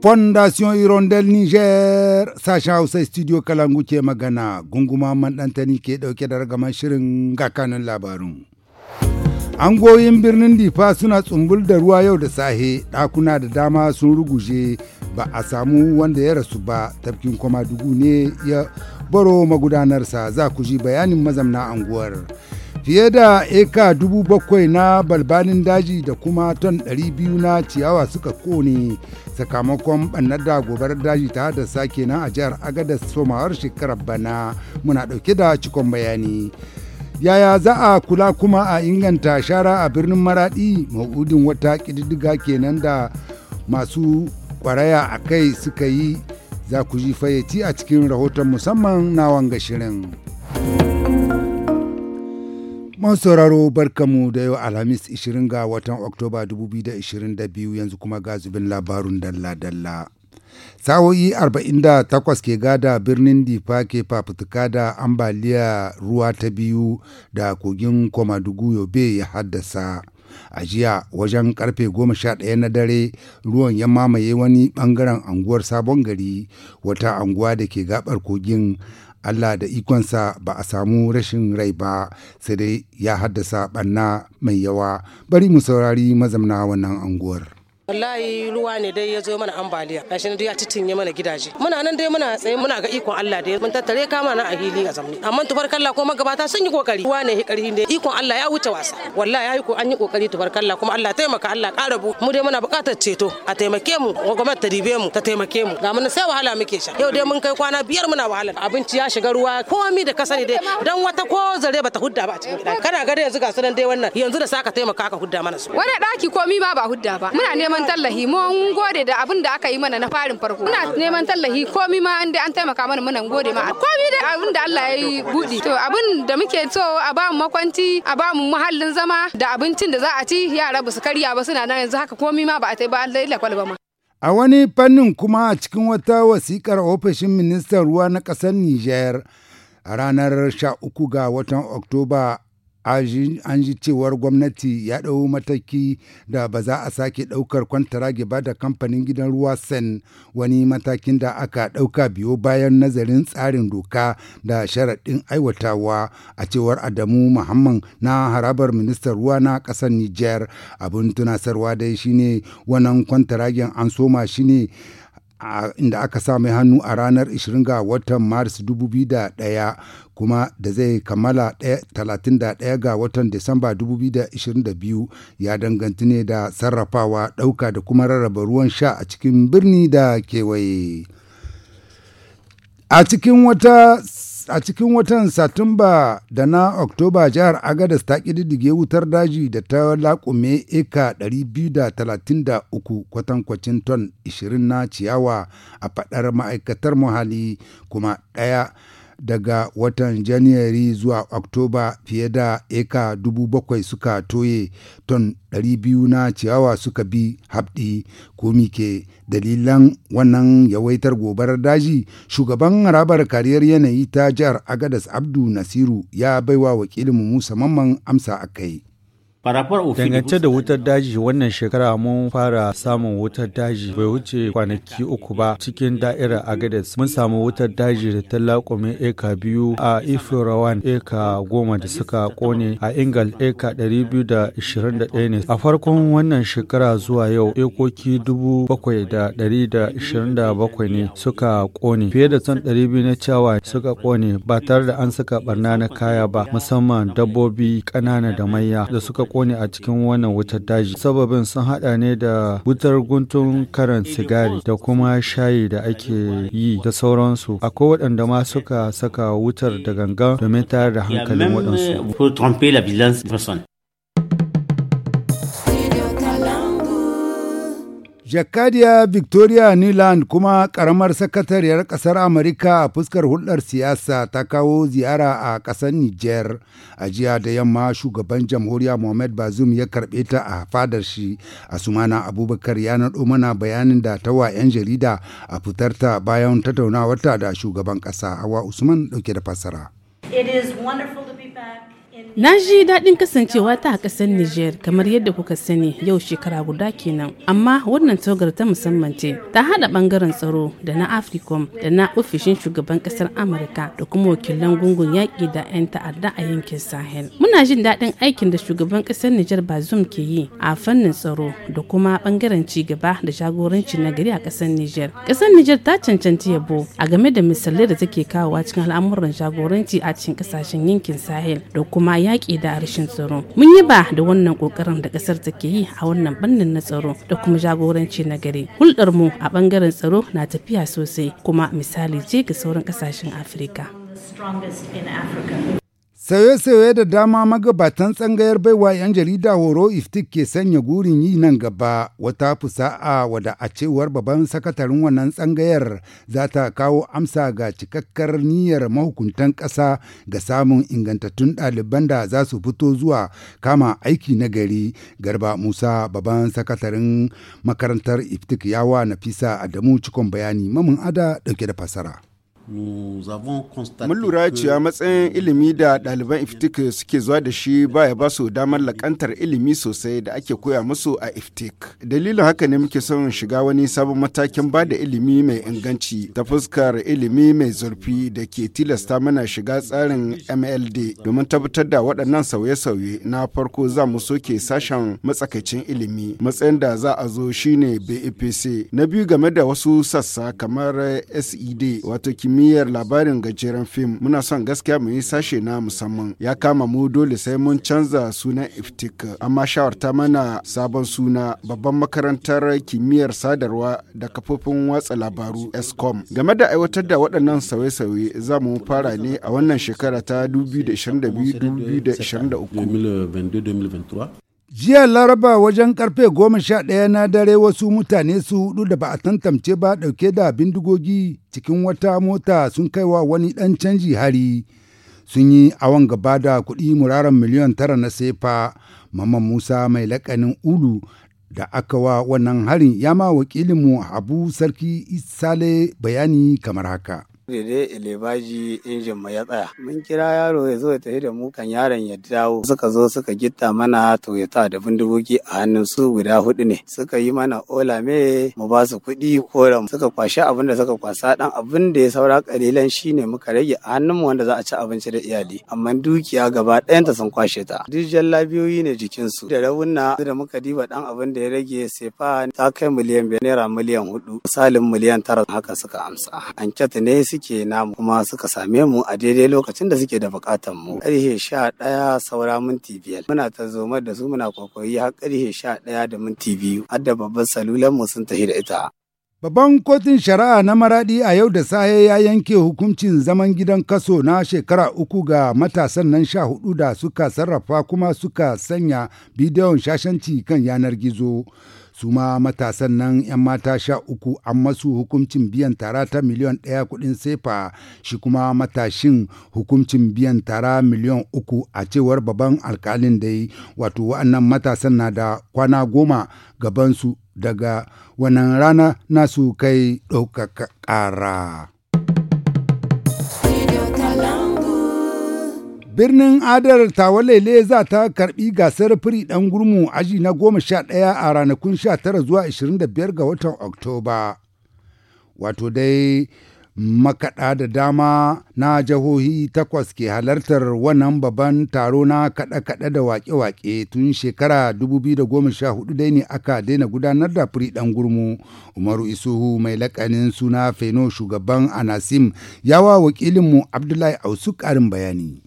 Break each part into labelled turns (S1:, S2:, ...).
S1: fondation irondel niger sacha hausa studio kalangu ke magana gunguma dantani ke dauke da ragaman shirin gakanin labarun angoyin birnin difa suna tsumbul da ruwa yau da sahe ɗakuna da dama sun ruguje ba a samu wanda ya rasu ba tafkin kwama dugu ne ya baro magudanarsa za ku ji bayanin mazamna anguwar. fiye da eka dubu bakwai na balbalin daji da kuma ton 200 na ciyawa suka kone sakamakon bannar da gobarar daji ta haddasa kenan a jihar agadas somawar shekarar bana muna dauke da cikon bayani yaya za a kula kuma a inganta shara a birnin maradi maudin wata kididdiga kenan da masu kwaraya a kai suka yi za ku ji fayyaci a cikin rahoton musamman na wanga shirin. sauraro barkamu da yau Alhamis 20 ga watan Oktoba 2022 yanzu kuma ga zubin labarun dalla-dalla. Sa'o'i 48 ke gada birnin Difa ke fafutuka da ambaliya ruwa ta biyu da kogin Komadugu Yobe ya haddasa. A jiya wajen karfe 11 na dare ruwan ya mamaye wani bangaren anguwar sabon gari wata anguwa da ke gabar kogin Allah da ikonsa ba a samu rashin rai ba sai dai ya haddasa ɓanna mai yawa bari mu saurari mazamna wannan anguwar. wallahi ruwa ne dai ya zo mana ambaliya gashi dai ya titinye mana gidaje muna nan dai muna tsaye muna ga ikon Allah dai mun tattare kama na a hili a zamani amma tubarkalla ko magabata sun yi kokari ruwa ne karhi dai ikon Allah ya wuce wasa wallahi yi ko an yi kokari tubarkalla kuma Allah taimaka Allah ƙara bu mu dai muna buƙatar ceto a taimake mu gwamnati ta ribe mu ta taimake mu ga mun sai wahala muke sha yau dai mun kai kwana biyar muna wahala abinci ya shiga ruwa komai da kasani dai dan wata ko zare ta hudda ba a cikin gida kana ga dai yanzu ga sunan dai wannan yanzu da saka taimaka ka hudda mana su wani
S2: daki komai ba ba hudda ba muna neman neman tallahi mun gode da abin da aka yi mana na farin farko ina neman tallahi komi ma an dai an taimaka mana muna gode ma komi da abin da Allah ya yi budi to abin da muke so a ba mu makwanci a ba mu muhallin zama da abincin da za a ci yara ba su karya ba suna nan yanzu haka komi ma ba a tai ba Allah ya kwalba ma
S1: A wani fannin kuma a cikin wata wasikar ofishin ministan ruwa na ƙasar Nijar ranar 13 ga watan Oktoba an ji cewar gwamnati ya ɗau mataki da ba za a sake ɗaukar kwantarage ba da kamfanin gidan ruwa sen wani matakin da aka ɗauka biyo bayan nazarin tsarin doka da sharaɗin aiwatawa a cewar adamu muhammad na harabar ministan ruwa na ƙasar niger abin tunasarwa dai shine wannan kwantaragen an soma shine inda aka sa mai hannu a ranar 20 ga watan maris 2001 kuma da zai kammala 31 ga watan disamba 2022 ya danganci ne da sarrafawa ɗauka da kuma rarraba ruwan sha a cikin birni da kewaye a cikin wata a cikin watan satumba da na oktoba jihar agadas ta ƙididdige wutar daji da ta laƙume eka 233 kwatankwacin ton 20 na ciyawa a faɗar ma'aikatar muhalli kuma ɗaya daga watan janairu zuwa oktoba fiye da eka dubu bakwai suka toye ton ɗari biyu na ciyawa suka bi habdi komi ke dalilan wannan yawaitar gobarar daji shugaban harabar kariyar yanayi ta jihar agadas abdu nasiru ya baiwa wakilin musa mamman amsa a kai.
S2: Dangance da wutar daji wannan shekara mun fara samun wutar daji bai wuce kwanaki uku ba cikin da'irar Agadez. Mun samu wutar daji da ta laƙume eka biyu a Ifirawan eka goma da suka kone a Ingal eka 221 ne. A farkon wannan shekara zuwa yau ekoki bakwai ne suka kone. Fiye da ɗari 200 na cewa suka kone ba tare da an saka barna na kaya ba musamman dabbobi ƙanana da manya da suka kone a cikin wannan wutar daji. Sababin sun hada ne da wutar guntun karan sigari da kuma shayi da ake yi da sauransu. Akwai waɗanda ma suka saka wutar da gangan domin tayar
S3: da hankalin waɗansu.
S1: Jakadiya Victoria Nuland kuma karamar sakatariyar kasar Amurka a fuskar hulɗar siyasa ta kawo ziyara a ƙasar Nijar. A jiya da yamma shugaban jamhuriya Mohamed Bazoum ya karɓe ta a fadar shi. Asumana Abubakar ya naɗo mana bayanin da ta wa 'yan jarida a fitar ta bayan tattaunawarta da shugaban ƙasa Hawa Usman ɗauke da fassara.
S3: It is wonderful
S4: Na ji daɗin kasancewa ta a ƙasar Nijar kamar yadda kuka sani yau shekara guda kenan. Amma wannan togar ta musamman ce ta haɗa ɓangaren tsaro da na Africom da na ofishin shugaban ƙasar Amurka da kuma wakilan gungun yaƙi da 'yan ta'adda a yankin Sahel. Muna jin daɗin aikin da shugaban ƙasar Nijar Bazoum ke yi a fannin tsaro da kuma ɓangaren ci gaba da jagoranci na gari a ƙasar Nijar. Ƙasar Nijar ta cancanci yabo a game da misalai da take kawowa cikin al'amuran jagoranci a cikin ƙasashen yankin Sahel da kuma kuma yaƙi da rashin tsaro mun yi ba da wannan ƙoƙarin da ƙasar take yi a wannan bannin na tsaro da kuma jagoranci na gari hulɗar mu a ɓangaren tsaro na tafiya sosai kuma misali je ga sauran ƙasashen afirka
S1: Sauye-sauye da dama magabatan tsangayar baiwa 'yan jarida horo iftik ke sanya gurin yi nan gaba wata fusa'a wada a cewar babban sakatarin wannan tsangayar za ta kawo amsa ga cikakkar niyyar mahukuntan ƙasa ga samun ingantattun ɗaliban da za su fito zuwa kama aiki na gari garba musa babban sakataren makarantar iftik yawa nafisa adamu cikon bayani mamun ada dauke da fasara.
S4: Mun lura cewa matsayin ilimi da ɗaliban iftik suke zuwa da shi baya ba su damar lakantar ilimi sosai da ake koya musu a iftik. Dalilin haka ne muke son shiga wani sabon matakin ba da ilimi mai inganci ta fuskar ilimi mai zurfi da ke tilasta mana shiga tsarin MLD domin tabbatar da waɗannan sauye-sauye na farko za mu soke sashen matsakaicin ilimi matsayin da za a zo shine BAPC. E na biyu game da wasu sassa kamar SED wato kimiyya jamiyyar labarin gajeren fim muna son gaskiya mu yi sashe na musamman ya kama mu dole sai mun canza sunan iftik amma shawarta mana sabon suna babban makarantar kimiyyar sadarwa da kafofin watsa labaru escom game da aiwatar da waɗannan sauye-sauye za mu fara ne a wannan shekara ta 2022-2023 Jiya Laraba
S1: wajen karfe goma sha ɗaya na dare wasu mutane su hudu da ba a tantance ba ɗauke da bindigogi cikin wata mota sun kai wa wani ɗan canji hari. Sun yi awon gaba da kuɗi muraren miliyan tara na sefa, Mamman Musa mai laƙanin ulu da aka wa wannan harin ya ma wakilinmu Abu Sarki Isale bayani kamar haka.
S3: daidai elebaji injin mu ya tsaya mun kira yaro ya zo ya tafi da mu kan yaron ya dawo suka zo suka gitta mana toyota da bindigogi a hannun su guda hudu ne suka yi mana olame mu ba su kuɗi koran suka kwashi abin da suka kwasa dan abin da ya saura kalilan shine muka rage a hannun mu wanda za a ci abinci da iyali amma dukiya gaba ɗayanta sun kwashe ta duk labiyoyi ne jikinsu da rawunna da muka diba dan abin da ya rage sefa ta kai miliyan biyar naira miliyan hudu misalin miliyan tara haka suka amsa an ne su suke namu kuma suka same mu a daidai lokacin da suke da bukatan mu karfe sha saura minti biyar muna ta zoma da su muna kwaikwayi har karfe sha ɗaya da minti biyu har da babban salulan mu sun tafi da ita
S1: Babban kotun shari'a na maradi a yau da saye ya yanke hukuncin zaman gidan kaso na shekara uku ga matasan nan sha hudu da suka sarrafa kuma suka sanya bidiyon shashanci kan yanar gizo. su ma matasan nan 'yan mata sha uku an masu hukuncin biyan tara ta miliyan ɗaya kuɗin sefa shi kuma matashin hukuncin biyan tara miliyan uku a cewar babban alkalin da yi wato wa'annan matasan na da kwana goma gabansu daga wannan rana nasu kai ɗaukaka ƙara. Birnin Adar Tawalele za ta karbi gasar firi ɗan gurmu aji na goma sha ɗaya a ranakun sha tara zuwa ashirin da biyar ga watan Oktoba. Wato dai makaɗa da dama na jihohi takwas ke halartar wannan babban taro na kaɗe-kaɗe da waƙe-waƙe tun shekara 2014 dai ne aka daina gudanar da firi ɗan gurmu umaru isuhu mai lakanin suna feno shugaban anasim yawa wakilinmu abdullahi ausu ƙarin bayani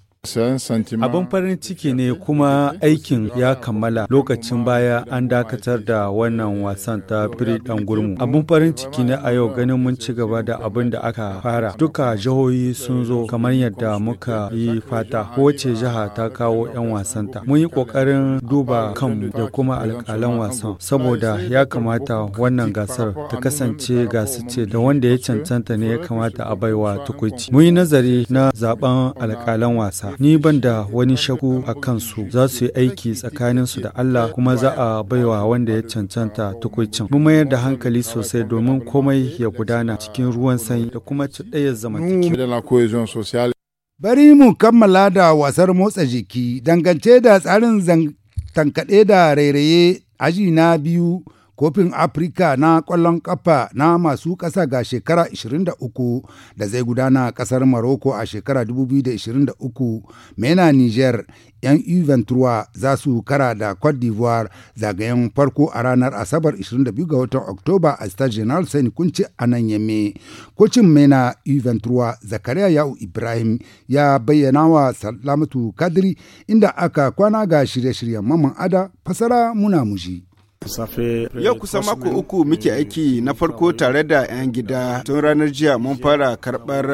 S1: Abin
S2: farin ciki ne kuma aikin ya kammala lokacin baya an dakatar da wannan wasan ta biri dan gurmu. Abin farin ciki ne a yau ganin mun ci gaba da abin da aka fara. Duka jihohi sun zo kamar yadda muka yi fata. Kowace jiha ta kawo 'yan wasanta. Mun yi kokarin duba kanmu da kuma alkalan wasan saboda ya kamata wannan gasar ta kasance gasa ce da wanda ya cancanta ne ya kamata a baiwa tukuci. Mun yi nazari na zaben alkalan wasa. ni ban da wani shaku a kansu za su yi aiki tsakanin su da Allah kuma za a baiwa wanda ya cancanta tukucin mun mayar da hankali sosai domin komai ya gudana cikin ruwan sanyi da kuma cuɗayar zamantakewa
S1: bari mu kammala da wasar motsa jiki dangance da tsarin tankaɗe da rairaye aji na biyu kofin afirka na ƙwallon ƙafa na masu ƙasa ga shekara 23 da zai gudana kasar ƙasar Maroko a shekara 2023 mena Niger 'yan Juventus za su kara da Cote d'Ivoire zagayen farko a ranar Asabar 22 ga watan Oktoba a Stade General Sani Kunci a nan Yame. Kocin mena Juventus Zakariya Ya'u Ibrahim ya bayyana wa Salamatu Kadri inda aka kwana ga shirye-shiryen mamman ada fasara muna muji.
S4: Yau kusan mako uku muke eh, aiki na farko tare da 'yan gida tun ranar jiya mun fara karɓar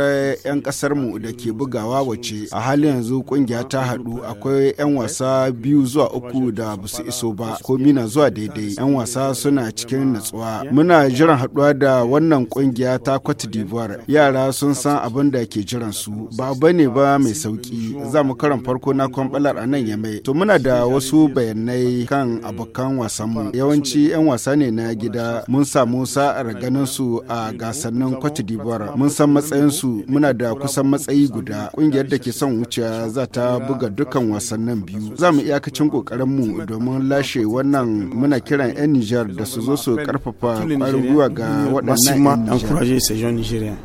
S4: 'yan ƙasarmu da ke bugawa wace a halin yanzu ƙungiya ta haɗu akwai 'yan wasa biyu zuwa uku da ba iso ba ko mina zuwa daidai 'yan wasa suna cikin natsuwa muna jiran haɗuwa da wannan ƙungiya ta Cote d'Ivoire yara sun san abin da ke jiran su ba ne ba mai sauki za mu karan farko na kwambalar a nan yamai to muna da wasu bayanai kan abokan wasanmu yawanci 'yan wasa ne na gida mun samu sa'ar ganin su a gasannin Cote d'Ivoire mun san matsayin su muna da kusan matsayi guda kungiyar da ke son wucewa za ta buga dukkan wasannin biyu za mu iyakacin kokarin mu domin lashe wannan muna kiran 'yan Nijar da su zo su karfafa ƙwarin gwiwa ga waɗannan 'yan Nijar.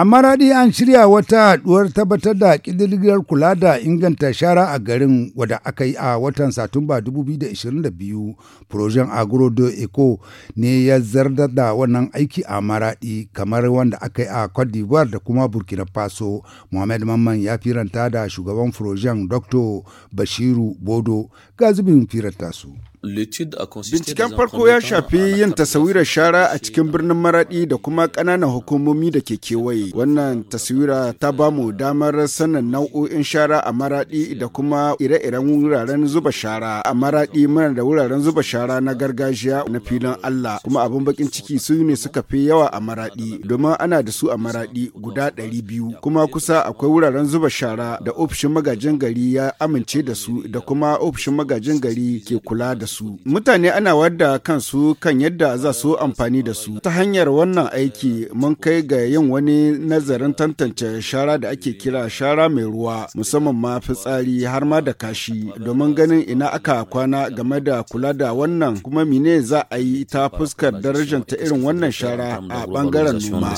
S1: A maraɗi an shirya wata haɗuwar tabbatar da ƙididdigar kula da inganta shara a garin wadda aka yi a watan Satumba 2022. Projen Agro do Eco ne ya zarda da wannan aiki a maraɗi kamar wanda aka yi a Cote da kuma Burkina Faso. Mohamed Mamman ya firanta da shugaban Projen Dr. Bashiru Bodo
S4: ga zubin firanta su. Binciken farko ya shafi yin taswirar shara a cikin birnin maraɗi da kuma ƙananan hukumomi da ke kewaye. Wannan taswira ta ba mu damar sanin nau'o'in shara a maraɗi da kuma ire-iren wuraren zuba shara. A Maradi muna da wuraren zuba shara na gargajiya na filin Allah kuma abin bakin ciki su ne suka fi yawa a maraɗi, domin ana da su a maraɗi guda ɗari biyu kuma kusa akwai wuraren zuba shara da ofishin magajin gari ya amince da su da kuma ofishin magajin gari ke kula da su mutane ana wadda kansu kan yadda za su amfani da su ta hanyar wannan aiki mun kai ga yin wani nazarin tantance shara da ake kira shara mai ruwa musamman ma fitsari har ma da kashi domin ganin ina aka kwana game da kula da wannan kuma mine za a yi ta fuskar darajar ta irin wannan shara a bangaren noma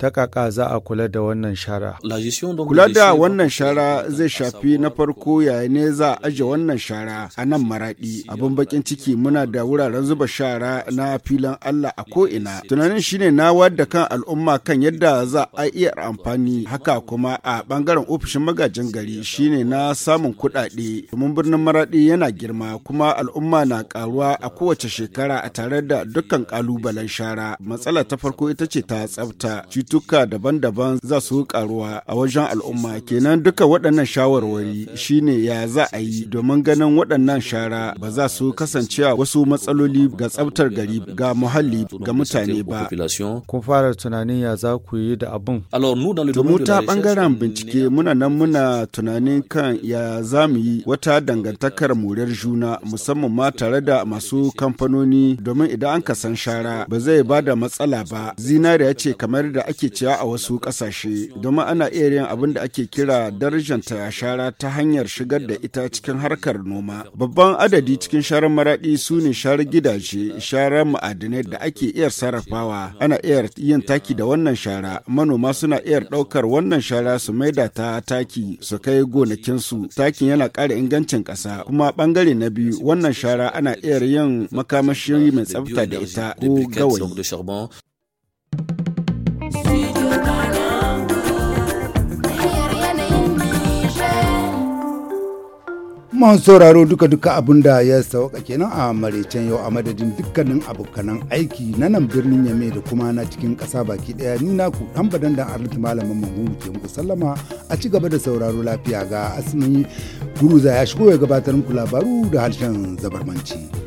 S2: ta kaka za a kula da wannan shara kula da wannan
S4: shara zai shafi na farko yayin ne za a aje wannan shara a nan maraɗi abin bakin ciki muna da wuraren zuba shara na filin Allah a ko'ina. Tunanin shine na wadda kan al'umma kan yadda za a iya amfani haka kuma a bangaren ofishin magajin gari shine na samun kuɗaɗe. Domin birnin maraɗi yana girma kuma al'umma na karuwa a kowace shekara a tare da dukkan kalubalen shara. Matsala ta farko ita ce ta tsafta. Cutuka daban-daban za su karuwa a wajen al'umma kenan duka waɗannan shawarwari shine ya za a yi domin ganin waɗannan shara ba za za su kasance wasu matsaloli ga tsabtar gari ga muhalli ga mutane ba.
S2: Kun fara tunanin ya za ku yi da abin. Mu ta bangaren
S4: bincike muna nan muna tunanin kan ya za mu yi wata dangantakar murar juna musamman ma tare da masu kamfanoni domin idan an ka san shara ba zai ba da matsala ba. Zinariya ce kamar da ake ciyawa a wasu kasashe domin ana iya yin abin da ake kira darajanta shara ta hanyar shigar da ita cikin harkar noma. Babban adadi cikin sharar maraɗi su ne sharar gidaje, sharar ma'adinai da ake iya sarrafawa. Ana iya yin taki da wannan shara. Manoma suna iya ɗaukar wannan shara su maida ta taki su kai gonakinsu. Takin yana ƙara ingancin ƙasa. Kuma ɓangare na biyu wannan shara ana iya yin makamashi mai tsafta da ita ko gawayi.
S1: mun sauraro duka-duka abin da ya sauka kenan a maraicen yau a madadin dukkanin abokanan aiki na nan birnin yame da kuma na cikin kasa baki ɗaya ni na ku dan badan da arziki malamin mahimmu ke muku sallama a ci gaba da sauraro lafiya ga asini guruza ya shigo ya gabatar muku labaru da harshen zabarmanci.